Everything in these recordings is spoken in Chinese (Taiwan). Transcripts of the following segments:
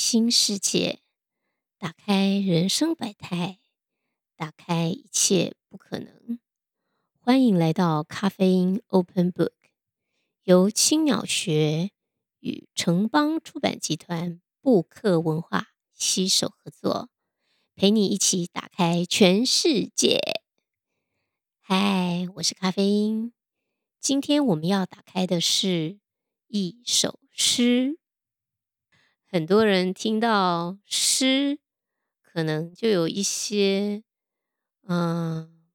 新世界，打開人生百態，打開一切不可能。歡迎來到咖啡因 Open Book，由青鳥學與城邦出版集團布克文化攜手合作，陪你一起打開全世界。嗨，我是咖啡因。今天我們要打開的是一首詩。很多人聽到詩，可能就有一些嗯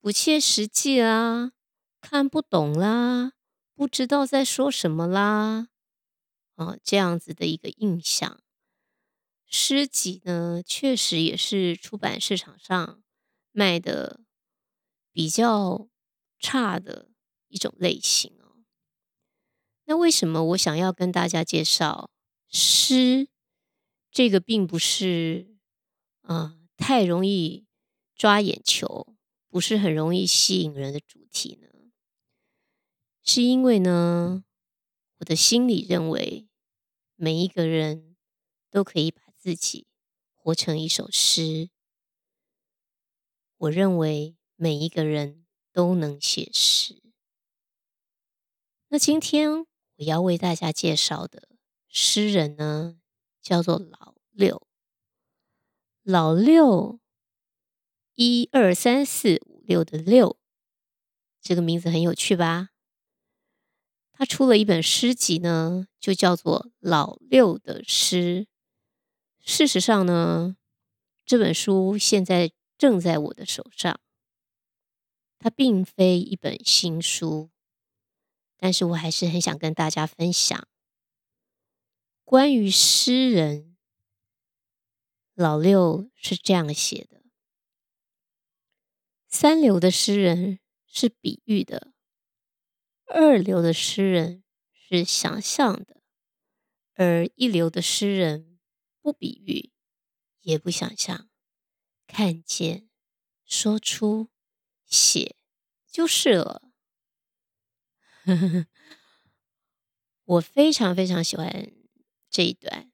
不切實際啦、看不懂啦、不知道在說什麼啦，啊、哦，這樣子的一個印象。詩集呢，確實也是出版市場上賣得比較差的一種類型哦。那為什麼我想要跟大家介紹？詩，這個並不是啊、呃、太容易抓眼球，不是很容易吸引人的主題呢。是因為呢，我的心裡認為，每一個人都可以把自己活成一首詩。我認為每一個人都能寫詩。那今天我要為大家介紹的。詩人呢，叫做老六。老六，一二三四五六的六，這個名字很有趣吧？他出了一本詩集呢，就叫做《老六的詩》。事實上呢，這本書現在正在我的手上。它並非一本新書，但是我還是很想跟大家分享。關於詩人，老六是這樣寫的：三流的詩人是比喻的，二流的詩人是想象的，而一流的詩人不比喻也不想象，看見說出寫就是了。 我非常非常喜歡。這一段，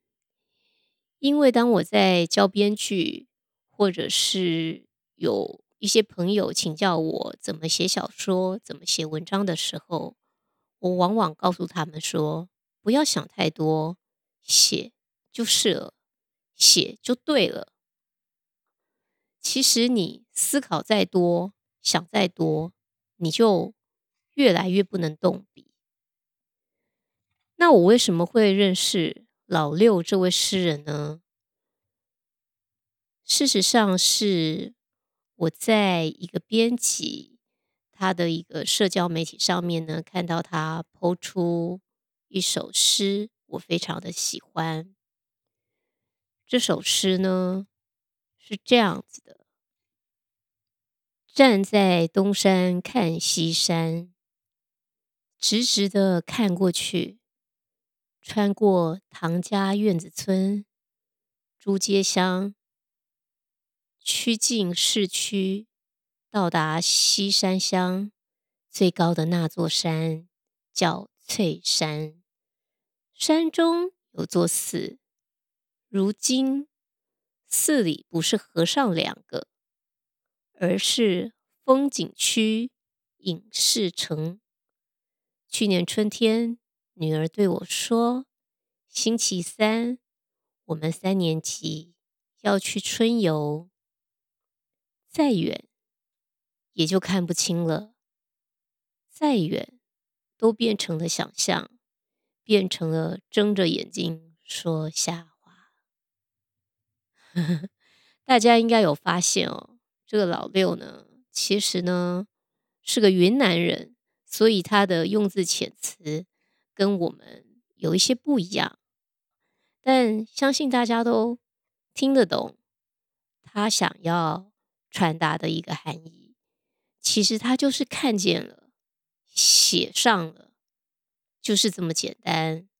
因為當我在教編劇，或者是有一些朋友請教我怎麼寫小說、怎麼寫文章的時候，我往往告訴他們說：不要想太多，寫就是了，寫就對了。其實你思考再多，想再多，你就越來越不能動筆。那我為什麼會認識？老六這位詩人呢，事實上是我在一個編輯他的一個社交媒體上面呢，看到他 po 出一首詩，我非常的喜歡。這首詩呢是這樣子的：站在東山看西山，直直的看過去。穿過唐家院子村、珠街鄉，曲靖市區，到達西山鄉最高的那座山，叫翠山。山中有座寺，如今寺裡不是和尚兩個，而是風景區影視城。去年春天。女兒對我說：“星期三，我們三年級要去春遊。再遠，也就看不清了；再遠，都變成了想象，變成了睜着眼睛說瞎話。 ”大家應該有發現哦，這個老六呢，其實呢是個雲南人，所以他的用字遣詞。跟我們有一些不一樣，但相信大家都聽得懂他想要傳達的一個含義。其實他就是看見了，寫上了，就是這麼簡單。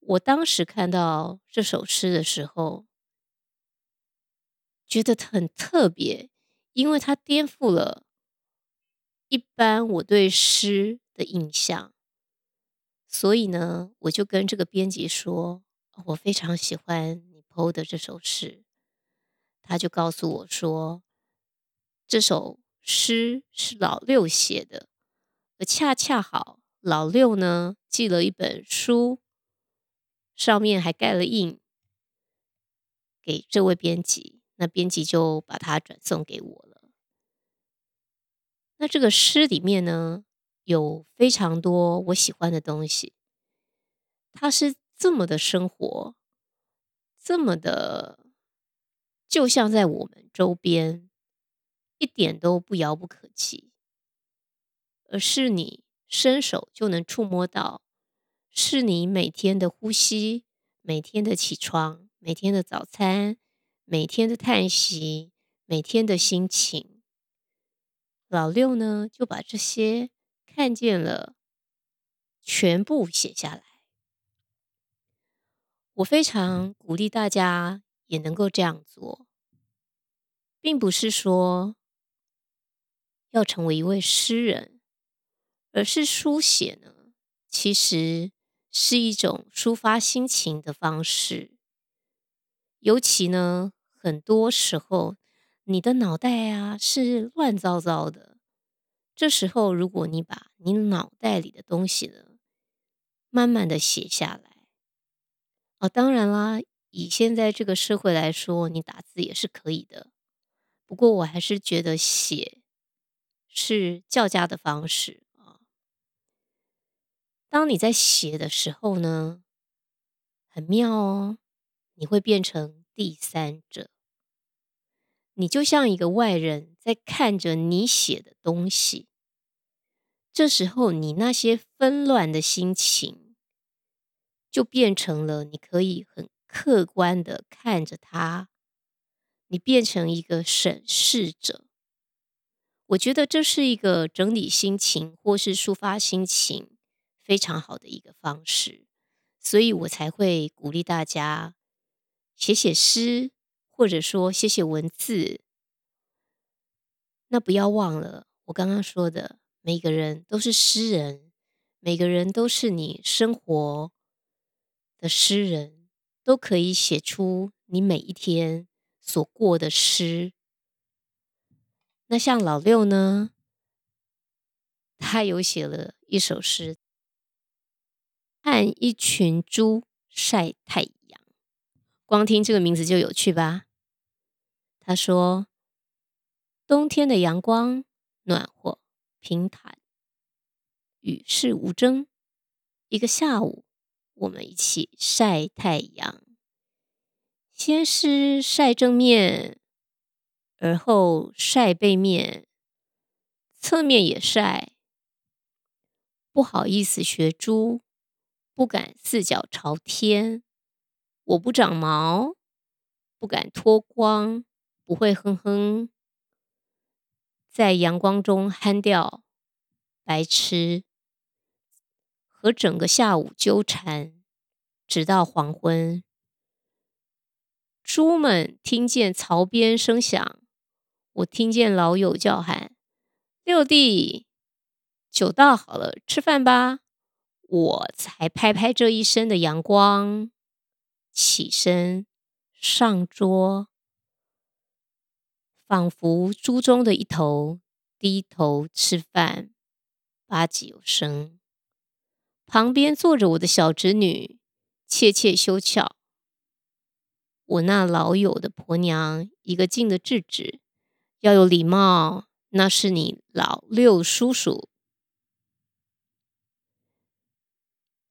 我當時看到這首詩的時候，覺得很特別，因為它顛覆了一般我對詩的印象。所以呢，我就跟這個編輯說，我非常喜歡你 PO 的這首詩。他就告訴我說，這首詩是老六寫的。而恰恰好，老六呢，寄了一本書，上面還蓋了印，給這位編輯。那編輯就把它轉送給我了。那這個詩裡面呢，有非常多我喜歡的東西，它是這麼的生活，這麼的，就像在我們周邊，一點都不遙不可及，而是你伸手就能觸摸到，是你每天的呼吸，每天的起床，每天的早餐，每天的嘆息，每天的心情。老六呢，就把這些。看見了，全部寫下來。我非常鼓勵大家也能夠這樣做，並不是說要成為一位詩人，而是書寫呢，其實是一種抒發心情的方式。尤其呢，很多時候你的腦袋啊是亂糟糟的。這時候，如果你把你腦袋裡的東西呢，慢慢的寫下來，哦，當然啦，以現在這個社會來說，你打字也是可以的。不過，我還是覺得寫是較佳的方式啊。哦。當你在寫的時候呢，很妙哦，你會變成第三者，你就像一個外人在看着你寫的東西。這時候，你那些紛亂的心情就變成了，你可以很客觀的看着他，你變成一個審視者。我覺得這是一個整理心情或是抒發心情非常好的一個方式，所以我才會鼓勵大家寫寫詩，或者說寫寫文字。那不要忘了我剛剛說的。每個人都是詩人，每個人都是你生活的詩人，都可以寫出你每一天所過的詩。那像老六呢？他有寫了一首詩，和一群豬曬太陽。光聽這個名字就有趣吧。他說：“冬天的陽光暖和。”平坦，與世無爭。一個下午，我們一起曬太陽。先是曬正面，而後曬背面，側面也曬。不好意思，學豬，不敢四腳朝天。我不長毛，不敢脫光，不會哼哼。在陽光中酣掉，白痴和整個下午糾纏，直到黃昏。豬們聽見槽邊聲響，我聽見老友叫喊：“六弟，酒倒好了，吃飯吧。”我才拍拍這一身的陽光，起身上桌。仿佛豬中的一頭，低頭吃飯，吧唧有聲。旁邊坐着我的小侄女，怯怯羞俏。我那老友的婆娘一個勁的制止：“要有禮貌，那是你老六叔叔。”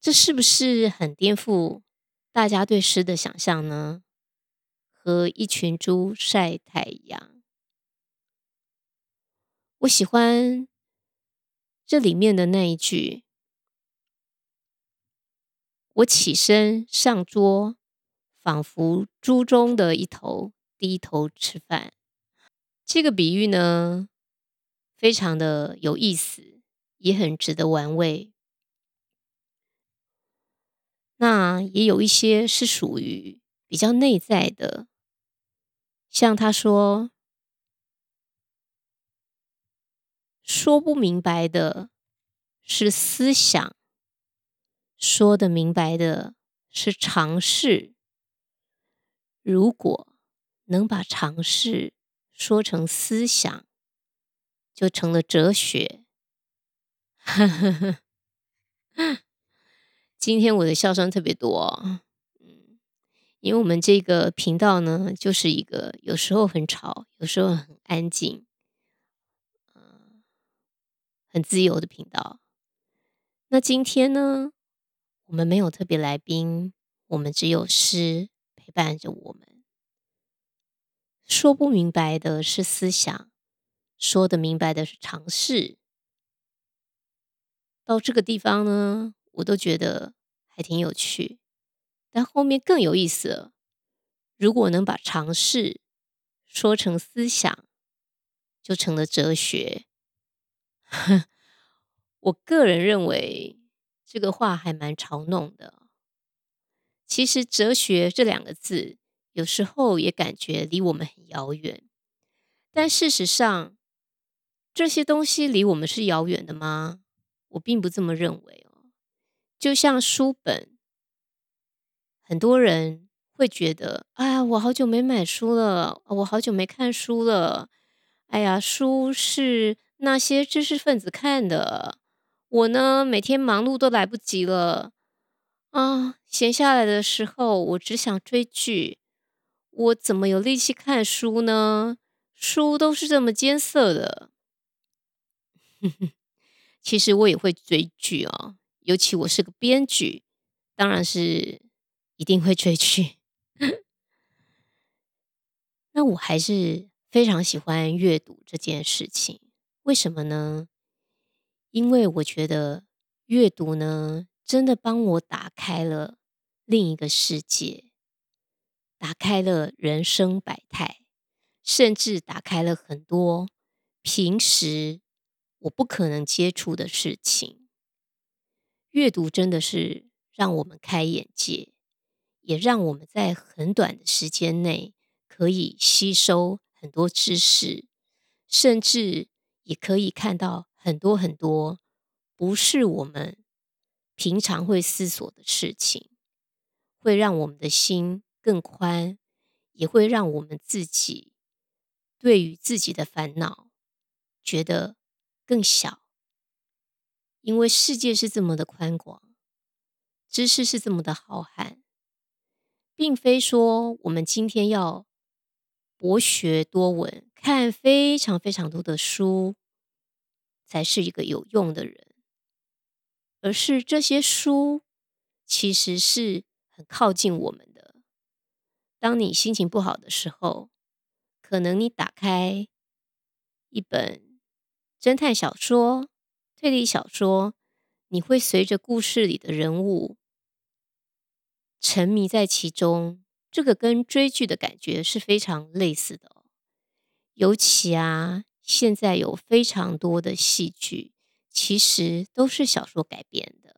這是不是很顛覆大家對詩的想象呢？和一群豬曬太陽。我喜歡這裡面的那一句：“我起身上桌，仿佛豬中的一頭低頭吃飯。”這個比喻呢，非常的有意思，也很值得玩味。那也有一些是屬於比較內在的，像他說。說不明白的是思想，說得明白的是嘗試。如果能把嘗試說成思想，就成了哲學。 今天我的笑聲特別多哦，嗯，因為我們這個頻道呢，就是一個有時候很吵，有時候很安靜。很自由的頻道。那今天呢，我們沒有特別來賓，我們只有詩陪伴着我們。說不明白的是思想，說得明白的是嘗試。到這個地方呢，我都覺得還挺有趣。但後面更有意思了。如果能把嘗試說成思想，就成了哲學。哼，我個人認為這個話還蠻嘲弄的。其實“哲學”這兩個字，有時候也感覺離我們很遙遠。但事實上，這些東西離我們是遙遠的嗎？我並不這麼認為哦。就像書本，很多人會覺得：“哎呀，我好久沒買書了，我好久沒看書了。”哎呀，書是。那些知識分子看的，我呢每天忙碌都來不及了啊！閒下來的時候，我只想追劇。我怎麼有力氣看書呢？書都是這麼艱澀的。 其實我也會追劇哦，尤其我是個編劇，當然是一定會追劇。 那我還是非常喜歡閱讀這件事情。為什麼呢？因為我覺得閱讀呢，真的幫我打開了另一個世界，打開了人生百態，甚至打開了很多平時我不可能接觸的事情。閱讀真的是讓我們開眼界，也讓我們在很短的時間內可以吸收很多知識，甚至。也可以看到很多很多不是我們平常會思索的事情，會讓我們的心更寬，也會讓我們自己對於自己的煩惱覺得更小。因為世界是這麼的寬廣，知識是這麼的浩瀚，並非說我們今天要博學多聞。看非常非常多的書，才是一個有用的人。而是這些書其實是很靠近我們的。當你心情不好的時候，可能你打開一本偵探小說、推理小說，你會隨着故事裡的人物沉迷在其中。這個跟追劇的感覺是非常類似的哦。尤其啊，現在有非常多的戲劇，其實都是小說改編的。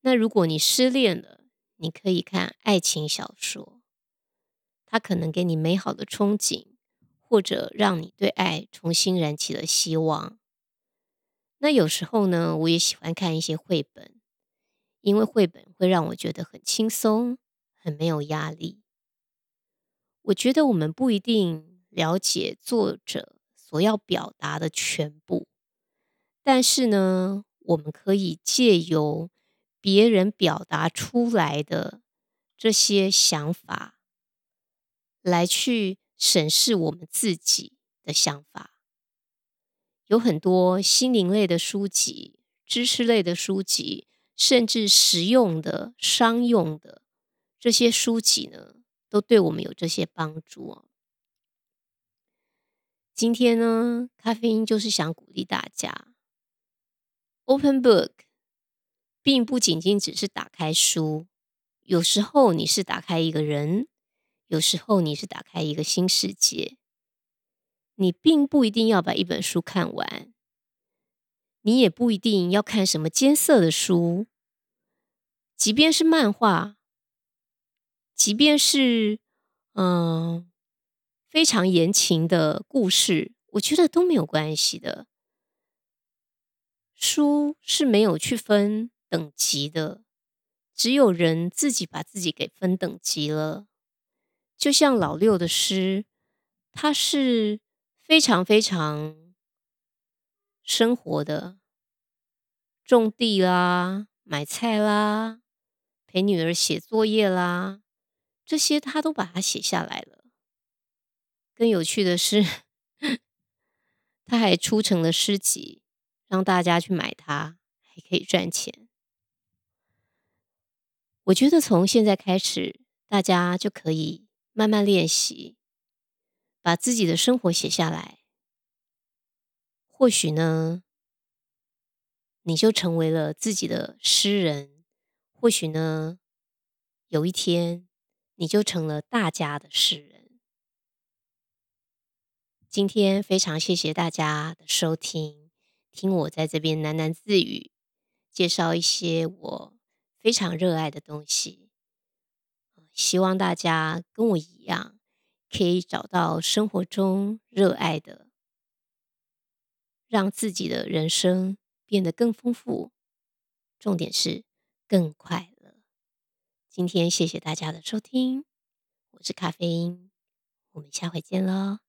那如果你失戀了，你可以看愛情小說，它可能給你美好的憧憬，或者讓你對愛重新燃起了希望。那有時候呢，我也喜歡看一些繪本，因為繪本會讓我覺得很輕鬆，很沒有壓力。我覺得我們不一定。了解作者所要表達的全部，但是呢，我們可以借由別人表達出來的這些想法，來去審視我們自己的想法。有很多心靈類的書籍、知識類的書籍，甚至實用的、商用的這些書籍呢，都對我們有這些幫助啊。今天呢，咖啡因就是想鼓勵大家，Open Book，並不僅僅只是打開書，有時候你是打開一個人，有時候你是打開一個新世界，你並不一定要把一本書看完，你也不一定要看什麼艱澀的書，即便是漫畫，即便是，嗯。非常言情的故事，我覺得都沒有關係的。書是沒有去分等級的，只有人自己把自己給分等級了。就像老六的詩，他是非常非常生活的。種地啦、啊、買菜啦、陪女兒寫作業啦，這些他都把它寫下來了。更有趣的是， 他還出成了詩集，讓大家去買他，他還可以賺錢。我覺得從現在開始，大家就可以慢慢練習，把自己的生活寫下來。或許呢，你就成為了自己的詩人；或許呢，有一天你就成了大家的詩人。今天非常謝謝大家的收聽，聽我在這邊喃喃自語，介紹一些我非常熱愛的東西。希望大家跟我一樣，可以找到生活中熱愛的，讓自己的人生變得更豐富，重點是更快樂。今天謝謝大家的收聽，我是咖啡因，我們下回見嘍。